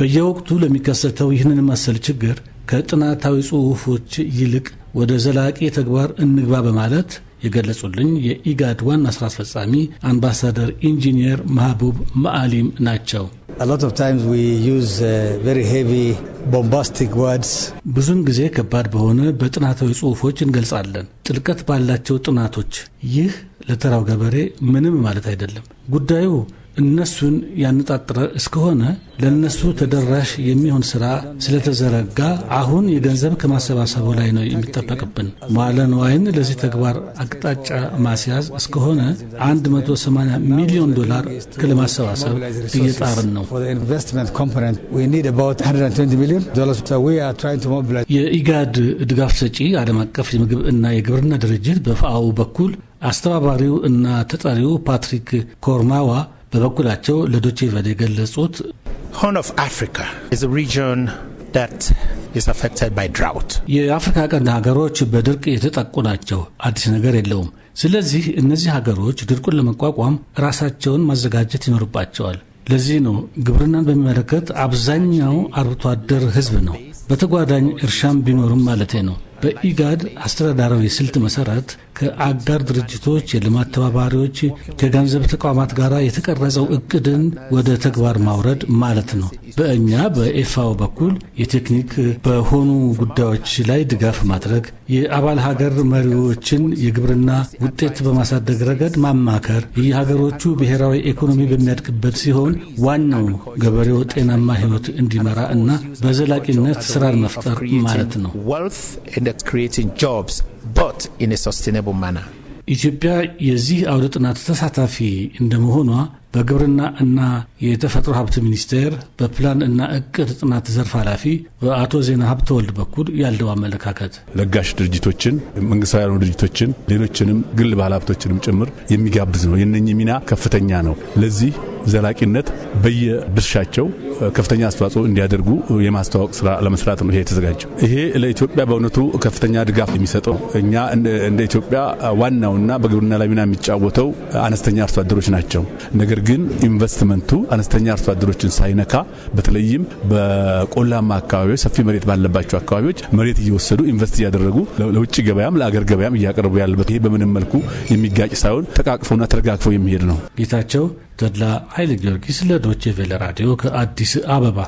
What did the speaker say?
በየወቅቱ ለሚከሰተው ይህንን መሰል ችግር ከጥናታዊ ጽሑፎች ይልቅ ወደ ዘላቂ ተግባር እንግባ በማለት የገለጹልኝ የኢጋድ ዋና ስራ አስፈጻሚ አምባሳደር ኢንጂኒየር ማህቡብ መአሊም ናቸው። uh, ብዙን ጊዜ ከባድ በሆነ በጥናታዊ ጽሑፎች እንገልጻለን። ጥልቀት ባላቸው ጥናቶች ይህ ለተራው ገበሬ ምንም ማለት አይደለም። ጉዳዩ እነሱን ያነጣጠረ እስከሆነ ለነሱ ተደራሽ የሚሆን ስራ ስለተዘረጋ አሁን የገንዘብ ከማሰባሰቡ ላይ ነው የሚጠበቅብን። መዋለ ንዋይን ለዚህ ተግባር አቅጣጫ ማስያዝ እስከሆነ 180 ሚሊዮን ዶላር ለማሰባሰብ እየጣርን ነው። የኢጋድ ድጋፍ ሰጪ ዓለም አቀፍ የምግብ እና የግብርና ድርጅት በፋኦ በኩል አስተባባሪው እና ተጠሪው ፓትሪክ ኮርማዋ በበኩላቸው ለዶቼ ቬለ የገለጹት ሆርን ኦፍ አፍሪካ የአፍሪካ ቀንድ ሀገሮች በድርቅ የተጠቁ ናቸው። አዲስ ነገር የለውም። ስለዚህ እነዚህ ሀገሮች ድርቁን ለመቋቋም ራሳቸውን ማዘጋጀት ይኖርባቸዋል። ለዚህ ነው ግብርናን በሚመለከት አብዛኛው አርብቶ አደር ህዝብ ነው። በተጓዳኝ እርሻም ቢኖርም ማለቴ ነው። በኢጋድ አስተዳዳራዊ ስልት መሰረት ከአጋር ድርጅቶች፣ የልማት ተባባሪዎች፣ ከገንዘብ ተቋማት ጋር የተቀረጸው እቅድን ወደ ተግባር ማውረድ ማለት ነው። በእኛ በኤፋው በኩል የቴክኒክ በሆኑ ጉዳዮች ላይ ድጋፍ ማድረግ፣ የአባል ሀገር መሪዎችን የግብርና ውጤት በማሳደግ ረገድ ማማከር፣ የሀገሮቹ ብሔራዊ ኢኮኖሚ በሚያድግበት ሲሆን ዋናው ገበሬው ጤናማ ሕይወት እንዲመራ እና በዘላቂነት ስራን መፍጠር ማለት ነው። at creating jobs, but in a sustainable manner. ኢትዮጵያ የዚህ አውደ ጥናት ተሳታፊ እንደመሆኗ በግብርና እና የተፈጥሮ ሀብት ሚኒስቴር በፕላን እና እቅድ ጥናት ዘርፍ ኃላፊ በአቶ ዜና ሀብተወልድ በኩል ያለው አመለካከት ለጋሽ ድርጅቶችን፣ መንግስታዊ ያልሆኑ ድርጅቶችን፣ ሌሎችንም ግል ባለሀብቶችንም ጭምር የሚጋብዝ ነው። የነኝ ሚና ከፍተኛ ነው። ለዚህ ዘላቂነት በየድርሻቸው ከፍተኛ አስተዋጽኦ እንዲያደርጉ የማስተዋወቅ ስራ ለመስራት ነው ይሄ የተዘጋጀው። ይሄ ለኢትዮጵያ በእውነቱ ከፍተኛ ድጋፍ የሚሰጠው እኛ እንደ ኢትዮጵያ ዋናውና በግብርና ላይ ሚና የሚጫወተው አነስተኛ አርሶ አደሮች ናቸው። ነገር ግን ኢንቨስትመንቱ አነስተኛ አርሶ አደሮችን ሳይነካ በተለይም በቆላማ አካባቢዎች፣ ሰፊ መሬት ባለባቸው አካባቢዎች መሬት እየወሰዱ ኢንቨስት እያደረጉ ለውጭ ገበያም ለአገር ገበያም እያቀረቡ ያለበት ይሄ በምንም መልኩ የሚጋጭ ሳይሆን ተቃቅፎና ተረጋግፎ የሚሄድ ነው። ጌታቸው ተድላ ኃይለ ጊዮርጊስ ለዶቼ ቬለ ራዲዮ ከአዲስ አበባ